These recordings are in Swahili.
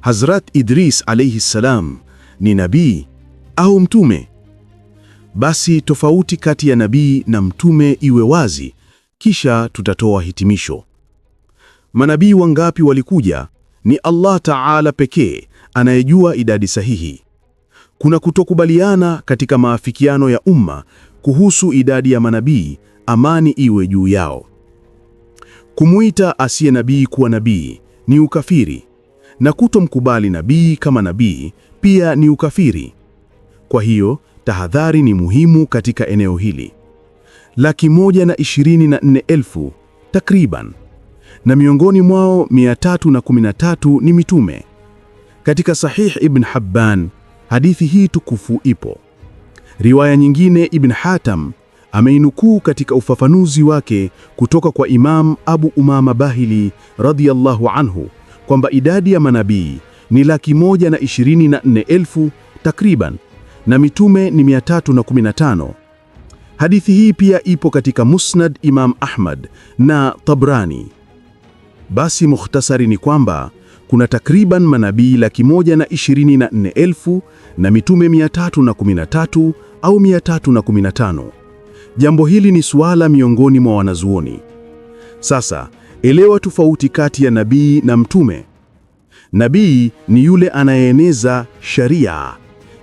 Hazrat Idris alayhi salam ni nabii au mtume? Basi tofauti kati ya nabii na mtume iwe wazi, kisha tutatoa hitimisho. Manabii wangapi walikuja? Ni Allah Taala pekee anayejua idadi sahihi. Kuna kutokubaliana katika maafikiano ya umma kuhusu idadi ya manabii, amani iwe juu yao. Kumuita asiye nabii kuwa nabii ni ukafiri na kutomkubali nabii kama nabii pia ni ukafiri. Kwa hiyo tahadhari ni muhimu katika eneo hili. Laki moja na ishirini na nne elfu takriban, na miongoni mwao 313 ni mitume. Katika Sahih Ibn Habban hadithi hii tukufu ipo. Riwaya nyingine Ibn Hatam ameinukuu katika ufafanuzi wake kutoka kwa Imam Abu Umama Bahili radhiyallahu anhu kwamba idadi ya manabii ni laki moja na ishirini na nne elfu takriban na mitume ni tano. Hadithi hii pia ipo katika Musnad Imam Ahmad na Tabrani. Basi mukhtasari ni kwamba kuna takriban manabii laki moja na ishirini na nne elfu na mitume tatu au tano. Jambo hili ni suala miongoni mwa wanazuoni. Sasa Elewa tofauti kati ya nabii na mtume. Nabii ni yule anayeeneza sharia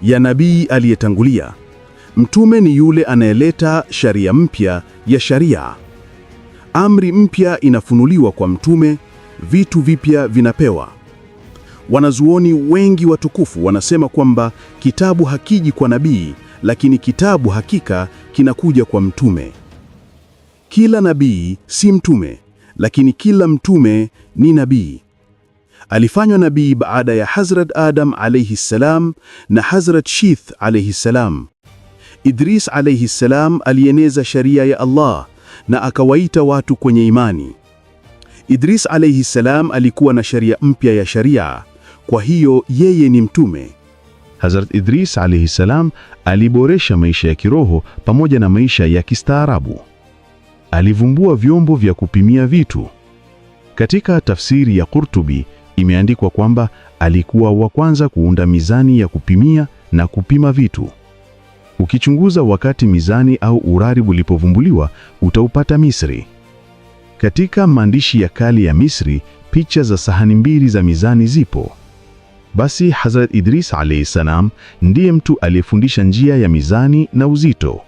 ya nabii aliyetangulia. Mtume ni yule anayeleta sharia mpya ya sharia. Amri mpya inafunuliwa kwa mtume, vitu vipya vinapewa. Wanazuoni wengi watukufu wanasema kwamba kitabu hakiji kwa nabii, lakini kitabu hakika kinakuja kwa mtume. Kila nabii si mtume, lakini kila mtume ni nabii. Alifanywa nabii baada ya Hazrat Adam alayhi salam na Hazrat Shith alayhi salam. Idris alayhi salam alieneza sharia ya Allah na akawaita watu kwenye imani. Idris alayhi salam alikuwa na sharia mpya ya sharia, kwa hiyo yeye ni mtume. Hazrat Idris alayhi salam aliboresha maisha ya kiroho pamoja na maisha ya kistaarabu alivumbua vyombo vya kupimia vitu. Katika tafsiri ya Qurtubi imeandikwa kwamba alikuwa wa kwanza kuunda mizani ya kupimia na kupima vitu. Ukichunguza wakati mizani au uraribu ulipovumbuliwa utaupata Misri. Katika maandishi ya kale ya Misri picha za sahani mbili za mizani zipo. Basi Hazrat Idris alayhi salam ndiye mtu aliyefundisha njia ya mizani na uzito.